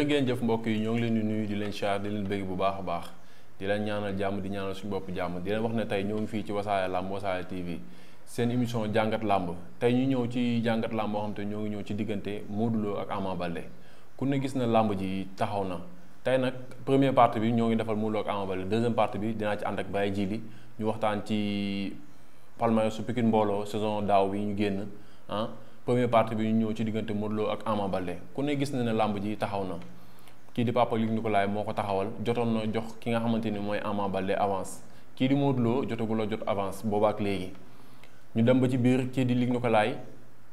ngeen jëf mbokk yi ñoo ngi leen di nuyu di leen char di leen bëgg bu baax a baax di leen ñaanal jàmm di ñaanal suñu bopp jàmm di leen wax na tey ñoo ngi fii ci wasaare làmb wasaare TV seen émission jàngat làmb tey ñu ñëw ci jàngat làmb boo xam te ñoo ngi ñëw ci diggante Modou Lo ak Ama bale ku ne gis na làmb ji taxaw na tey nag premier partie bi ñoo ngi defal Modou Lo ak Ama Baldé deuxième partie bi dinaa ci ànd ak Baye Djili ñu waxtaan ci palmarès su Pikine mbooloo saison daaw bi ñu génn ah première partie bi ñu ñëw ci diggante Modou Lo ak Ama Baldé ku ne gis na ne làmb ji taxaw na kii di Papa ko Nicolas moo ko taxawal jotoon na jox ki nga xamante ni mooy Ama Baldé avance kii di Modou Lo jotaguloo jot avance boobaak léegi ñu dem ba ci biir kii di Ligue Nicolas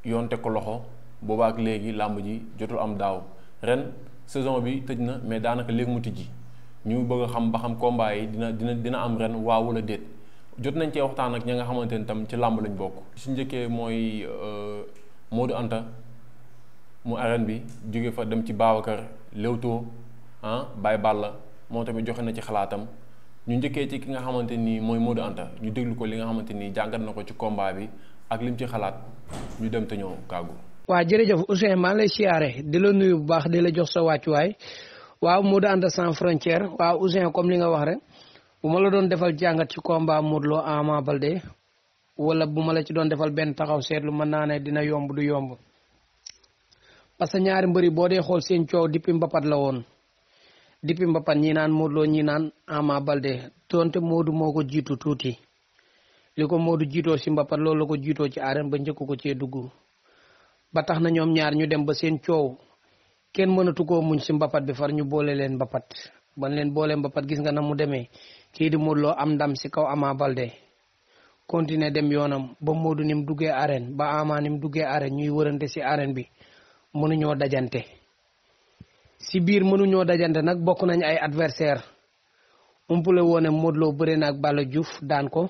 yoon teg ko loxo boobaak léegi làmb ji jotul am daaw ren saison bi tëj na mais daanaka léeg muti ji ñu bëgg a xam ba xam combat yi dina dina dina am ren waa wala déet jot nañ cee waxtaan ak ña nga xamante ni tam ci làmb lañ bokk. su njëkkee mooy euh, Modou Anta mu arène bi jóge fa dem ci Babacar Leewtoo ah Baye Balla moom tamit joxe na ci xalaatam ñu njëkkee ci ki nga xamante nii mooy Modou Anta ñu déglu ko li nga xamante nii jàngat na ko ci combat bi ak lim ci xalaat ñu dem te ñëw kàggu waa jërëjëf Ousseyn maa ngi lay di la nuyu bu baax di la jox sa wàccuwaay waaw Modou Anta sans frontière waaw Ousseyn comme li nga wax rek bu ma la doon defal jàngat ci combat Modou Lo Ama Baldé wala bu ma la ci doon defal benn taxaw seetlu mën naa ne dina yomb du yomb parce que ñaari mbëri boo dee xool seen coow depuis mbapat la woon depuis mbapat ñi naan Modou Lo ñi naan Ama Balde donte Modou moo ko jiitu tuuti li ko Modou jiitoo si mbapat loolu la ko jiitoo ci arène ba njëkk ko cee dugg ba tax na ñoom ñaar ñu dem ba seen coow kenn mënatu koo muñ si mbappat bi far ñu boole leen mbapat ban leen boole mbapat gis nga na mu demee kii di Modou am ndam si kaw Ama Balde continuer dem yoonam ba Modou ni mu duggee arène ba Ama ni mu duggee arène ñuy wërante si arène bi mënuñoo dajante si biir mënuñoo dajante nag bokk nañ ay adversaire umpule woone Modou Lo na ak Balla juuf daan ko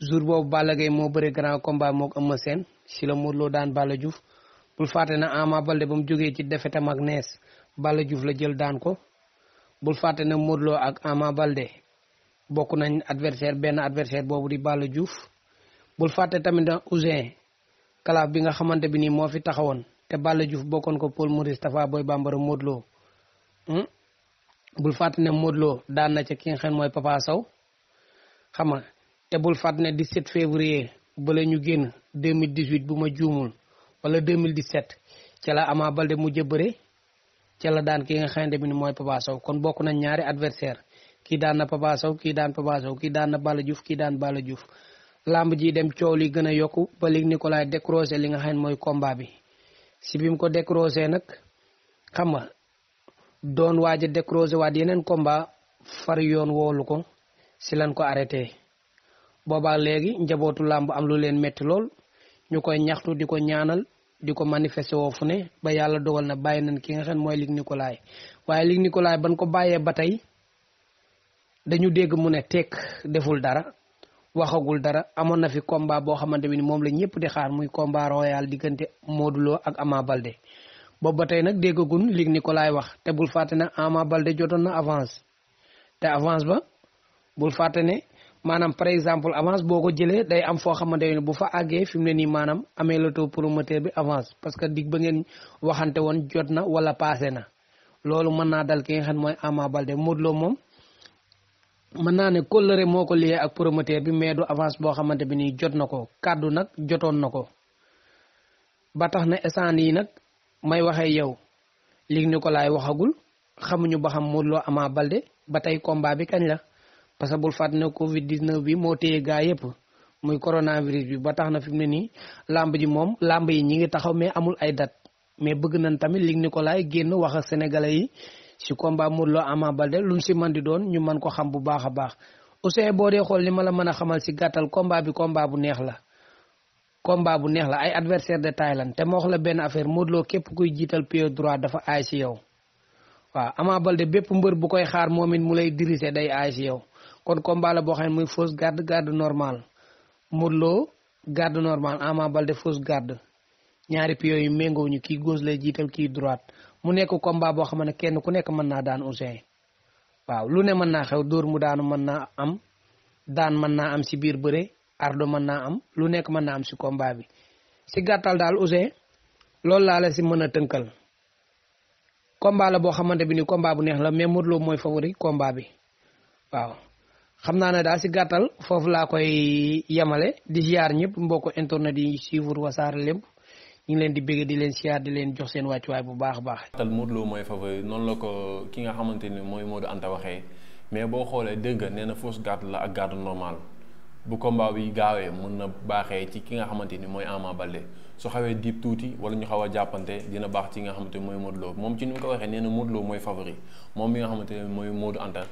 jour boobu Balla Gaye moo bëre grand combat mook Eumeu Sène si la Modou daan Balla Diouf bul fàtte na Ama Baldé ba mu jógee ci defetam ak nees Balla Diouf la jël daan ko bul fàtte na Modou ak Ama Baldé bokk nañ adversaire benn adversaire boobu di Balla Diouf bul fàtte tamit Ousin kalaaf bi nga xamante bi nii moo fi taxawoon te Balla Diouf bokkoon ko Paul Maurice Tafa booy Bambara Modou hmm? bul fàtte ne Modou Lo daan na ca ki nga xam mooy Papa xam nga te bul fàtte ne 17 février bala ñu génn 2018 bu ma juumul wala 2017 ca la Ama Balde mu jëbëre ca la daan ki nga xamante bi nii mooy Papa Sow kon bokk nañ ñaari adversaire kii daan na Papa Sow kii daan Papa Sow kii daan na Balla Diouf kii daan Balla Diouf làmb ji dem coow li gën a yokku ba Luc Nicolaï décroché li nga xam ne mooy combat bi si bi mu ko décroché nag xam nga doon waaj a décroché waat yeneen combat far yoon woolu ko si lan ko arrêté boobaa léegi njabootu làmb am lu leen metti lool ñu koy ñaxtu di ko ñaanal di ko manifester woo fu ne ba yàlla dogal na bàyyi nañ ki nga xam mooy Luc Nicolaï waaye Luc Nicolaï ko bàyyee dañu dégg mu ne tekk deful dara waxagul dara amoon na fi combat boo xamante bi ni moom la ñëpp di xaar muy combat royal diggante Modou ak Ama Balde boobu ba tey nag déggagun lig ni ko laay wax te bul fàtte ne Ama Balde jotoon na avance te avance ba bul ne maanaam par exemple avance boo ko jëlee day am foo xamante ne bu fa àggee fi mu ne nii maanaam amee loto promoteur bi avance parce que dig ba ngeen waxante woon jot na wala passé na loolu mën naa dal ki nga xam mooy Ama Balde Modou moom mën naa ne kóllëre moo ko lié ak promoteur bi mais du avance boo xamante bi nii jot na ko kàddu nag jotoon na ko ba tax na instant yi nag may waxee yow Luc Nicolaï waxagul xamuñu ba xam Modou Lo Ama Baldé ba tey combat bi kañ la parce que bul fàtte ne Covid 19 bi moo téye gaa yëpp muy coronavirus bi ba tax na fi mu ne nii làmb ji moom làmb yi ñi ngi taxaw mais amul ay dat mais bëgg nañ tamit Luc Nicolaï génn wax ak sénégalais yi. si combat Modou Lo Ama Baldé si man di doon ñu mën ko xam bu baax a baax Ousseyn boo dee xool li ma la mën a xamal si gàttal komba bi combat bu neex la. combat bu neex la ay adversaire de taille te ma wax la benn affaire Modou Lo képp kuy jiital pied droit dafa aay si yow waaw Ama Baldé bépp mbër bu koy xaar moom it mu lay diriger day aay si yow kon combat la boo xam ne muy fausse garde garde normal Modou Lo garde normal Ama Baldé fausse garde ñaari piyo yu méngoo ñu kii gauche lay jiital kii droite mu nekk combat boo xam ne kenn ku nekk mën naa daan Ouzin waaw lu ne mën naa xew dóor mu daanu mën naa am daan mën naa am si biir bëre ardo mën naa am lu nekk mën naa am si combat bi si gàttal daal Ouzin loolu laa la si mën a tënkal komba la boo xamante bi ni combat bu neex la mais Modou mooy favori combat bi waaw xam naa ne daal ci gàttal foofu laa koy yamale di ziar ñépp mbokk internet yi suivre Wassare ñu ngi leen di bëgg di leen siyaar di leen jox seen wàccuwaay bu baax baax. tal Modou Lo mooy favori noonu la ko ki nga xamante ni mooy Modou Anta waxee mais boo xoolee dégg nee na fausse garde la ak garde normale bu combat bi gaawee mën na baaxee ci ki nga xamante ni mooy Ama Baldé su xawee diib tuuti wala ñu xaw a jàppante dina baax ci nga xamante ni mooy Modou moom ci nu mu ko waxee nee na mooy favori moom mi nga xamante ni mooy Modou Anta.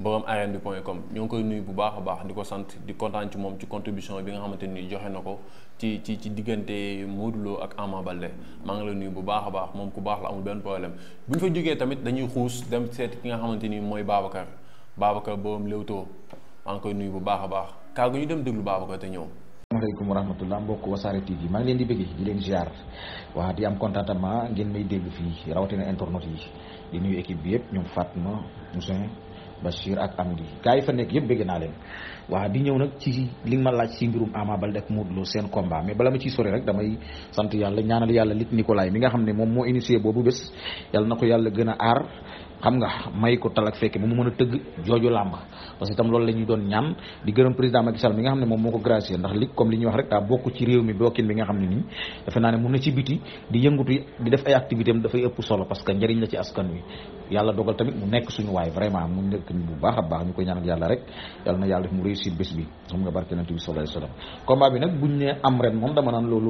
borom arène bi point com ñoo ngi koy nuyu bu baax a baax di ko sant di kontaan ci moom ci contribution bi nga xamante ni joxe na ko ci ci ci diggante Modou Lo ak Ama Baldé maa ngi la nuyu bu baax a baax moom ku baax la amul benn problème bu ñu fa jógee tamit dañuy xuus dem seet ki nga xamante ni mooy Babacar Babacar borom Leewtoo maa ngi koy nuyu bu baax a baax kàggu ñu dem déglu Babacar te ñëw. asalaamaaleykum wa rahmatullah mbokk wasaare TV maa ngi leen di bëggee di leen ziar waa di am may dégg fii rawatina internet yi di nuyu équipe yëpp ñoom Fatma Ousin. Bachir ak Amady gars yi fa nekk yëpp bëgg naa leen waaw di ñëw nag ci li ma laaj si mbirum Ama Baldé ak Modou Lo seen combat mais bala ma ciy sori rek damay sant yàlla ñaanal yàlla lit Nicolas mi nga xam ne moom moo initié boobu bés yàlla na ko yàlla gën a aar xam nga may ko talak fekke ba mu mën a tëgg jooju làmb parce que itam loolu la ñuy doon ñaan di gërëm président Macky Sall mi nga xam ne moom moo ko gracier ndax li comme li ñuy wax rek daa bokk ci réew mi bokkin bi nga xam ne nii defe naa ne mun na am dafay ëpp solo parce que bu baax a baax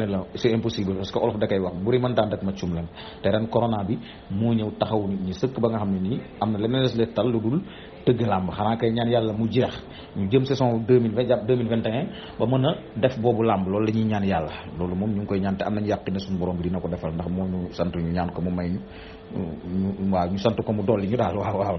la c'est impossible parce que olof da koy wax buri mantaan ma cum len te ren corona bi moo ñëw taxawu nit ñi sëkk ba nga xam ne nii am na leneen les leen tal lu dul tëgg làmb xanaa kay ñaan yàlla mu jeex ñu jëm saison deux mille vingt jàpp deux mille vingt et un ba mën a def boobu làmb loolu la ñuy ñaan yàlla loolu moom ñu ngi koy ñante te am nañu yàqi ne suñu borom bi dina ko defal ndax moo ñu ñu ñaan ko mu may ñu waaw ñu sant ko mu dolli ñu daal waaw waaw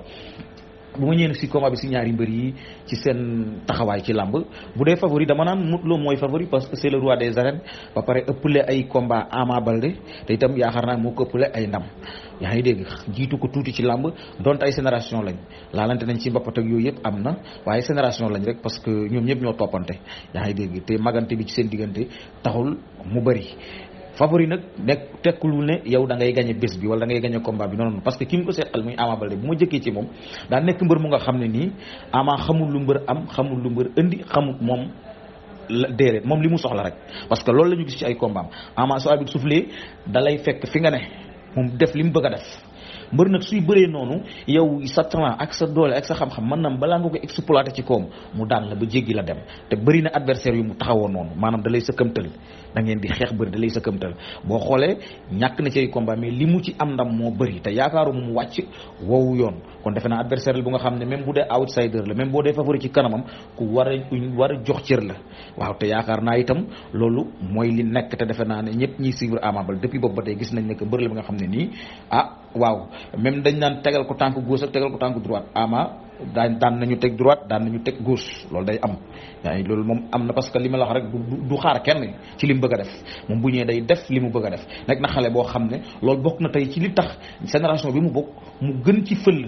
bu ma ñëwee si combat bi si ñaari mbër yi ci seen taxawaay ci làmb bu dee favori dama naan Modou Lo mooy favori parce que c' est le roi des arènes ba pare ëppale ay combat Ama Baldé te tam yaakaar naa moo ko ëppale ay ndam yaa ngi dégg jiitu ko tuuti ci làmb dont ay génération lañ laalante nañ ci mbappat ak yooyu yëpp am na waaye génération lañ rek parce que ñoom ñëpp ñoo toppante yaa ngi dégg te magante bi ci seen diggante taxul mu bëri favori nag nekk tekkul ne yow da ngay gagné bés bi wala da ngay gagné combat bi noonu parce que ki mu ko seqal muy Ama Baldé bu ma jëkkee ci moom daa nekk mbër mu nga xam ne nii Ama xamul lu mbër am xamul lu mbër indi xamul moom la déedéet moom li mu soxla rek. parce que loolu la ñu gis ci ay combat am Ama soo abit soufflé da lay fekk fi nga ne moom def li mu bëgg def. mbër nag suy bëree noonu yow sa talent ak sa doole ak sa xam-xam mën na balaa nga ko exploité ci kawam mu daan la ba jéggi la dem te bëri na adversaire yu mu taxawoon noonu maanaam da lay sëkkamtal da di xeex bëri da lay sëkkamtal boo xoolee ñàkk na ci combat mais li mu ci am ndam moo bëri te yaakaaru mu wàcc wowu yoon kon defe naa adversaire la bu nga xam ne même bu dee outsider la même boo dee favori ci kanamam ku war a ku war a jox cër la waaw yaakaar naa itam loolu mooy li nekk te defe naa ne ñëpp ñiy suivre Ama Baldé depuis ba tey gis nañ ne que mbër la nga xam ne nii ah waaw même dañ naan tegal ko tànk gauche ak tegal ko tànk droite ama daan daan nañu teg droite daan nañu teg gauche loolu day am yaa ngi loolu moom am na parce que li ma la wax rek du xaar kenn ci li mu bëgg a def moom bu ñëwee day def li mu bëgg a def nekk na xale boo xam ne loolu bokk na tey ci li tax génération bi mu bokk mu gën ci fël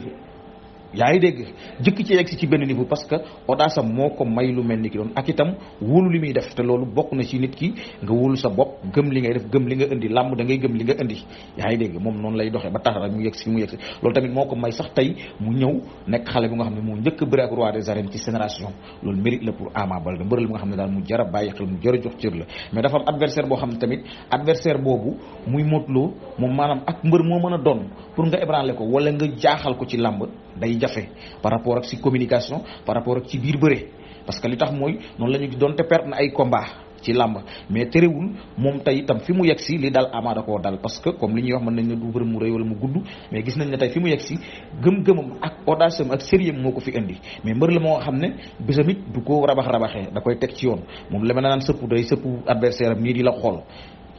yaa ngi dégg jëkk ci yegg si ci benn niveau parce que audace moo ko may lu mel ni ki doon ak itam wóolu li muy def te loolu bokk na ci nit ki nga wóolu sa bopp gëm li ngay def gëm li nga indi làmb da ngay gëm li nga indi yaa ngi dégg moom noonu lay doxee ba tax rek mu yegg si mu yegg si loolu tamit moo ko may sax tey mu ñëw nekk xale bu nga xam ne moo njëkk bëri ak roi des arènes ci génération loolu mérite la pour Ama Baldé mbëral bu nga xam ne daal mu jara bàyyi xel mu jara jox cër la mais dafa am adversaire boo xam ne tamit adversaire boobu muy Modou moom maanaam ak mbër moo mën a doon pour nga ébranler ko wala nga jaaxal ko ci làmb day jafe par rapport ak si communication par rapport ak ci biir bëre parce que li tax mooy noonu la ñu doonte perte na ay combat ci làmb mais terewul moom tey itam fi mu yegg si li dal Ama koo dal parce que comme li ñuy wax mën nañ ne du bërëm mu rëy wala gis nañ ne tey fi mu yegg si gëm-gëmam ak audace am ak sérieux moo ko fi indi mais mbër la moo xam ne bésam it du ko rabax-rabaxee da koy teg ci yoon moom la ma naan sëpp day sëpp adversaire am nii di la xool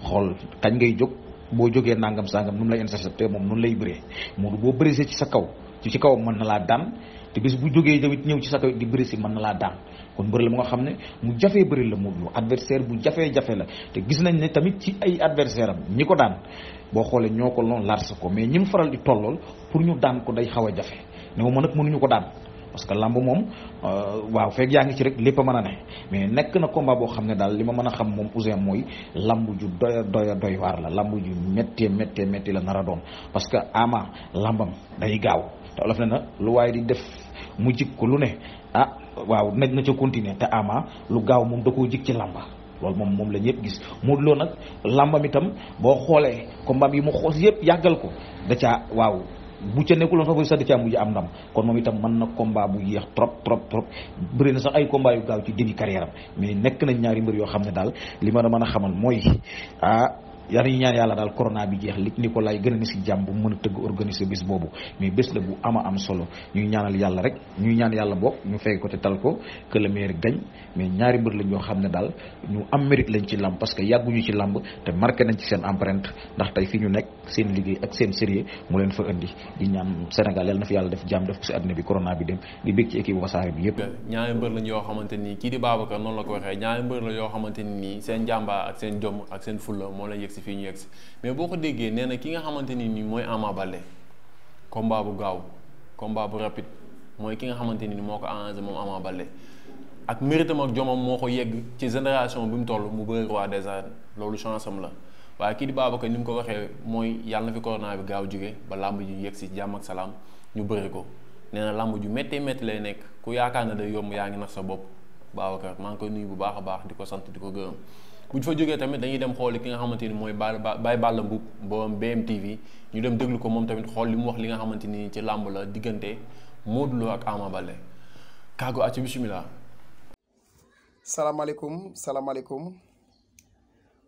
xool kañ ngay jóg boo jógee nangam sangam nu mu lay intercepté moom noonu lay bëree Modou boo brisé ci sa kaw ci ci kawam mën na laa daan te bis bu jógee tamit ñëw ci sa kaw di brisé mën na laa daan kon bëri la mu nga xam ne mu jafee bëri la Modou Lo adversaire bu jafee-jafe la te gis nañ ne tamit ci ay adversaire am ñi ko daan boo xoolee ñoo ko loon lars ko mais ñi mu faral di tollool pour ñu daan ko day xaw a jafe ne ma nag mënuñu ko daan parce que lamb moom euh, waaw fekk yaa ngi ci rek lépp a mën a ne mais nekk na combat boo xam ne daal li ma mën a xam moom Ouzin mooy lamb ju doy doy doy waar la lamb ju méttee méttee métti la nar a parce que ama lambam day gaaw te olof lu waaye di def mu jig ko lu ne ah waaw naj na ca continuer te ama lu gaaw moom da koo jik ci lamba loolu moom moom la ñëpp gis Modou Lo nag lambam itam boo xoolee combat yi mu xoos yëpp yàggal ko da caa waaw bu ca nekkuloon favori sax da caa mujj am ndam kon moom itam man na combat bu yéex trop trop trop bëri na sax ay combat yu gaaw ci début carrière am mais nekk nañ ñaari mbër yoo xam ne daal li ma la mën a xamal mooy ah yar yi ñaan yàlla daal corona bi jeex li ni ko lay gën a ni si jàmm am solo ñuy ñaanal yàlla rek ñuy ñaan yàlla bokk ñu fekk ko tal ko que le meilleur ñaari mbër la ñoo xam ne daal ñu am mérite lañ ci làmb parce que yàgguñu ci làmb te marqué nañ ci seen empreinte ndax tey fi ñu nekk seen liggéey ak seen sérieux mu leen fa indi ñaan Sénégal yàlla na fi yàlla def jàmm si àddina bi bi dem di bég ci équipe xamante nii kii di Babacar noonu ñaari mbër la yoo xamante nii seen jàmbaar ak seen jom ak seen fulla moo lay yëg si fii ñu yegg si mais boo ko déggee neena ki nga xamante ni nii mooy Ama Baldé combat bu gaaw combat bu rapide mooy ki nga xamante ni moo ko arrangé moom Ama Baldé ak méritam ak jomam moo ko yegg ci génération bi mu toll mu bëri roi des arènes loolu chance am la waaye kii di Babacar ni mu ko waxee mooy yàlla na fi corona bi gaaw jóge ba làmb ji yegg si jàmm ak salaam ñu bëri ko nee na làmb ju mettee métti lay nekk ku yaakaar na day yomb yaa ngi nax sa bopp Babacar maa ngi koy nuyu bu baax a baax di ko sant di ko gërëm bu ñu fa jógee tamit dañuy dem xooli ki nga xamante ni mooy Baye Baye Balla Mboup boom BMTV ñu dem déglu ko moom tamit xool li mu wax li nga xamante ni ci làmb la diggante Modou Lo ak Ama bale kàggu àcc bisimilah. salaamaaleykum salaamaaleykum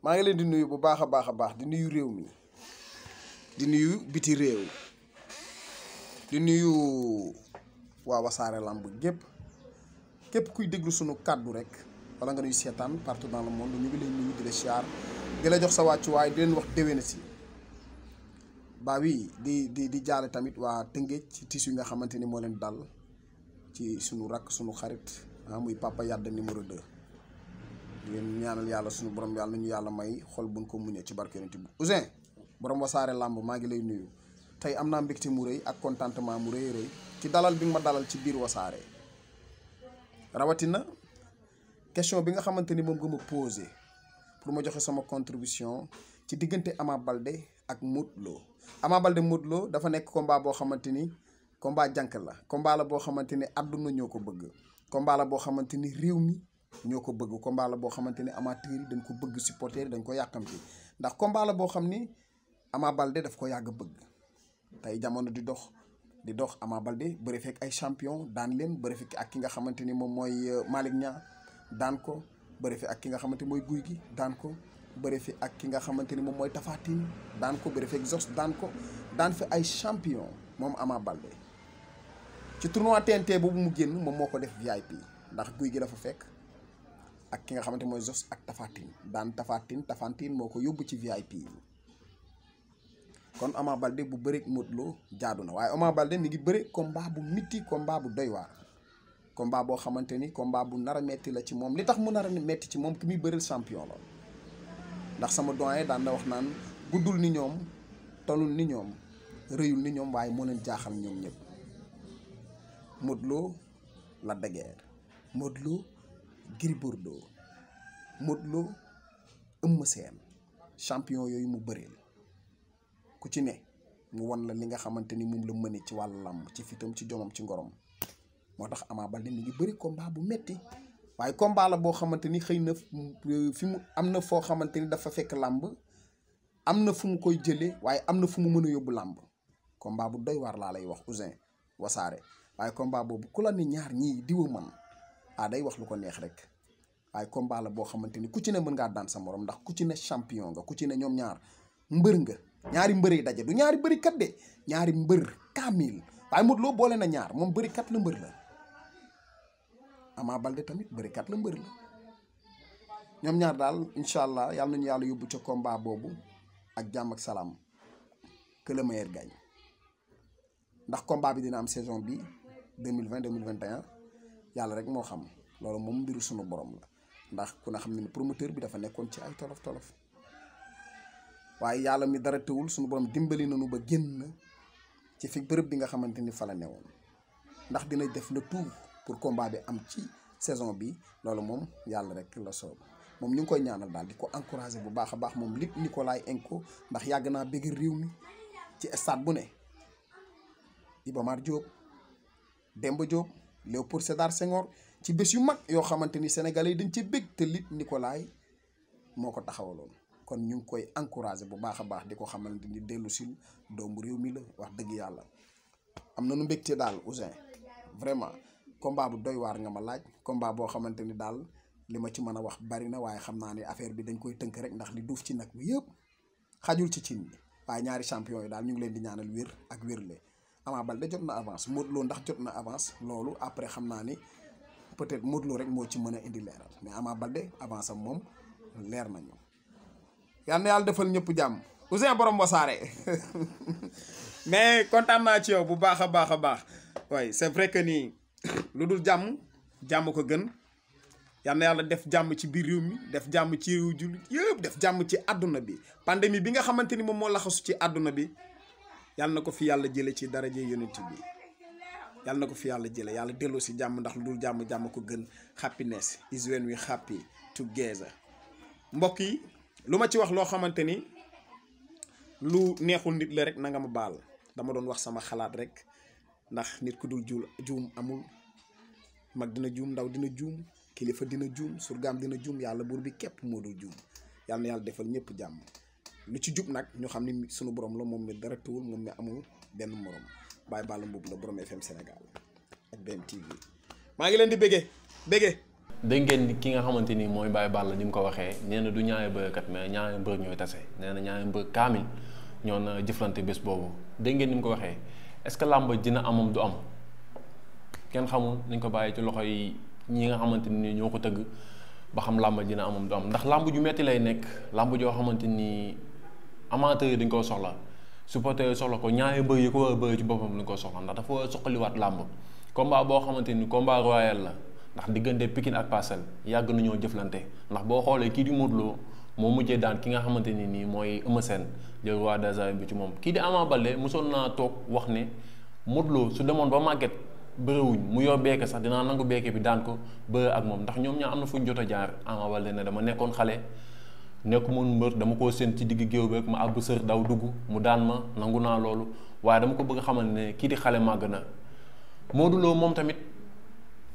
maa ngi leen di nuyu bu baax a baax a baax di nuyu réew mi di nuyu biti réew di nuyu waa làmb gépp képp kuy déglu sunu kàddu rek. wala nga nuy seetaan partout dans le monde ñu ngi lay nuyu di la siyaar di la jox sa wàccuwaay di leen wax déwén si baa wi di di di jaale tamit waa Tëngéej ci tiis yi nga xamante ni moo leen dal ci sunu rakk sunu xarit ah muy Papa Yade numéro 2 di leen ñaanal yàlla sunu borom yàlla ñu yàlla may xol buñ ko muñee ci barke yonent bi Ouzin borom wasaare làmb maa ngi lay nuyu tey am naa mbégte mu rëy ak contentement mu rëy rëy ci dalal bi nga ma dalal ci biir wasaare rawatina question bi nga xamante ni moom nga ma posé pour ma joxe sama contribution ci diggante Ama Balde ak Modou Lo Ama Balde Modou dafa nekk combat boo xamante ni combat la combat boo xamante ni àdduna ñoo ko bëgg combat boo xamante ni réew mi ñoo ko bëgg combat boo xamante ni amateur yi dañ ko bëgg supporter yi dañ ko yàkkamti ndax combat la boo xam ni Ama Balde daf ko yàgg bëgg tey jamono di dox di dox Ama Balde bëri fekk ay champion daan leen bëri fekk ak ki nga xamante ni moom mooy euh, Malick Niang daan ko bëri fi ak ki nga xamante mooy guy gi daan ko bëri fi ak ki nga xamante ni moom mooy tafaatin daan ko bëri fi ak zos daan ko daan fi ay champion moom Ama Baldé ci tournoi TNT boobu mu génn moom moo ko def VIP ndax guy gi dafa fekk ak ki nga xamante mooy zos ak tafaatin daan tafaatin tafaatin moo ko yóbbu ci VIP yi kon Ama Baldé bu bëri Modou Lo jaadu na waaye Ama Baldé mi ngi bëri combat bu miti combat bu doy waar combat boo xamante ni combat bu nar a metti la ci moom li tax mu nar a metti ci moom ki muy bëril champion la ndax sama doyen daan na wax naan guddul ni ñoom tolul ni ñoom rëyul ni ñoom waaye moo leen jaaxal ñoom ñëpp Modou Lo Lac de Guiers Modou Lo Gris Bordeaux Modou Lo Eumeu champion yooyu mu bëreel ku ci ne mu won la li nga xamante ni moom la mëne ci wàllu làmb ci fitam ci jomam ci ngorom moo tax Ama Baldé mi ngi bari kombaa bu metti waaye combat la boo xamante ni xëy na fi mu am na foo xamante ni dafa fekk làmb am na fu mu koy jëlee waaye am na fu mu mën a yóbbu làmb combat bu doy waar laa lay wax Ousin wasaare waaye combat boobu ku la ni ñaar ñii diwa man ah day wax lu ko neex rek waaye combat la boo xamante ni ku ci ne mën ngaa daan sa morom ndax ku ci ne champion nga ku ci ne ñoom ñaar mbër nga ñaari mbëree daje du ñaari bëri ñaari mbër kaamil waaye Modou Lo na ñaar moom bëri la mbër Ama Baldé tamit bërikat la mbër la ñoom ñaar daal incha allah yàlla nañu yàlla yóbbu ca combat boobu ak jàmm ak salaam que le ndax combat bi dina am saison bi 2020 2021 yàlla rek moo xam loolu moom mbiru sunu borom la ndax ku ne xam ne promoteur bi dafa nekkoon ci ay tolof tolof waaye yàlla mi dara teewul sunu borom dimbali nañu ba génn ci fi bërëb bi nga xamante ni fala la newoon ndax dina def le tout. pour combat bi am ci saison bi loolu moom yàlla rek la soob moom ñu ngi koy ñaanal daal di ko encourager bu baax a baax moom Luc Nicolaï Enco ndax yàgg naa bëgg réew mi ci stade bu ne Iba Mar Diop Demba Diop Léopold Sédar Senghor ci bés yu mag yoo xamante ni sénégalais yi dañ ci bëgg te Luc Nicolaï moo ko taxawaloon kon ñu ngi koy encourager bu baax a baax di ko xamante ni dellu sil doomu réew mi la wax dëgg yàlla am na nu mbégte daal Ousin vraiment combat bu doy waar nga ma laaj combat boo xamante ni daal li ma ci mën a wax bari na waaye xam naa ni affaire bi dañ koy tënk rek ndax li duuf ci nag bi yëpp xajul ci cin bi waaye ñaari champion yi daal ñu ngi leen di ñaanal wér ak wérle Ama Baldé jot na avance Modou Lo jot na avance loolu après xam naa ni peut-être Modou rek moo ci mën a indi leeral mais Ama Baldé avance am moom leer nañu yaa na yàlla defal ñëpp jàmm Ouzin borom Wassare mais kontaan naa ci yow bu baax a baax a baax waaye c'est vrai que nii lu dul jàmm jàmm ko gën yal na yàlla def jàmm ci biir réew mi def jàmm ci réew jullit yëpp def jàmm ci àdduna bi pandémie bi nga xamante ni moom moo laxasu ci àdduna bi yal na ko fi yàlla jële ci daraje yonent bi yàlla na ko fi yàlla jële yàlla delloo si jàmm ndax lu dul jàmm jàmm ko gën happiness is when we happy together mbokk yi lu ma ci wax loo xamante ni lu neexul nit la rek na nga ma baal dama doon wax sama xalaat rek ndax nit ku dul juul juum amul mag dina juum ndaw dina juum kilifa dina juum surgaam dina juum yàlla buur bi képp moo dul juum yàlla na yàlla defal ñëpp jàmm lu ci jub nag ñu xam ni sunu borom la moom mi dara tuwul moom mi amul benn morom Baye Balla Mboup la borom FM senegal ak BMTV maa ngi leen di béggee béggee. dégg ngeen ki nga xamante ni mooy Baye Balla ni mu ko waxee nee du ñaari mbërkat mais ñaari mbër ñooy tase nee na ñaari mbër kaamil ñoo na jëflante bés boobu dégg ngeen ni mu ko waxee. est-ce que làmb dina amam du am kenn xamul nañ ko bàyyi ci loxo yi ñi nga xamante ni ñoo ko tëgg ba xam làmb dina amam du am ndax làmb ju metti lay nekk làmb joo xamante ni amateur yi dañ koo soxla supporter yi soxla ko ñaari mbër yi ko war bëri ci boppam dañ koo soxla ndax dafa war a soxaliwaat làmb combat boo xamante ni combat royal la ndax diggante pikin ak Parcelles yàgg nañoo jëflante ndax boo xoolee kii di Modou Lo moo mujjee daan ki nga xamante ni nii mooy Eumeu Sène jël roi bi ci moom kii di Ama Baldé mosoon naa toog wax ne Modou su demoon ba màgget bëriwuñ mu yor beeke sax dinaa nangu beeke bi daan ko ak moom ndax ñoom ñaa am na fu ñu jot a jaar Ama ne dama nekkoon xale nekk mun mbër dama koo séen ci digg géew bi rek ma àbb sër daw dugg mu daan ma nangu naa loolu waaye dama ko bëgg xamal ne kii di xale màgg na Modou Lo moom tamit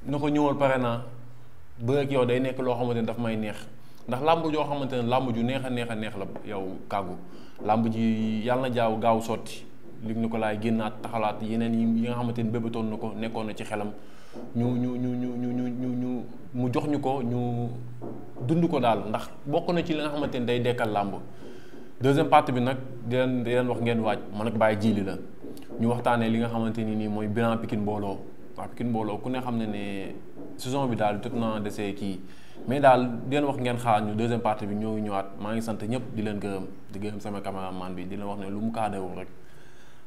na ko ñëwal pare naa bëre ak day nekk loo xamante ni dafa may neex ndax làmb joo xamante ne làmb ju neex a neex a neex la yow kàggu làmb ji yàlla na jaaw gaaw sotti lig ni ko laay génnaat taxalaat yeneen yi nga xamante ne bébatoon na ko nekkoon na ci xelam ñu ñu ñu ñu ñu ñu ñu mu jox ñu ko ñu dund ko daal ndax bokk na ci li nga xamante ne day dekkal làmb deuxième partie bi nag di leen wax ngeen waaj man ak bàyyi jiili la ñu waxtaanee li nga xamante ni nii mooy bilan Pikine mbooloo waa Pikine mbooloo ku ne xam ne ne saison bi daal jot naa desee kii mais daal di leen wax ngeen xaar ñu deuxième partie bi ñoo ngi ñëwaat maa ngi sant ñëpp di leen gërëm di gërëm sama caméraman bi di wax ne lu mu kaadewul rek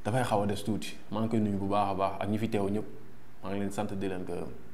dafay xaw a des tuuti maa ngi koy nuyu bu baax a baax ak ñi fi teew ñëpp maa ngi leen sant di leen gërëm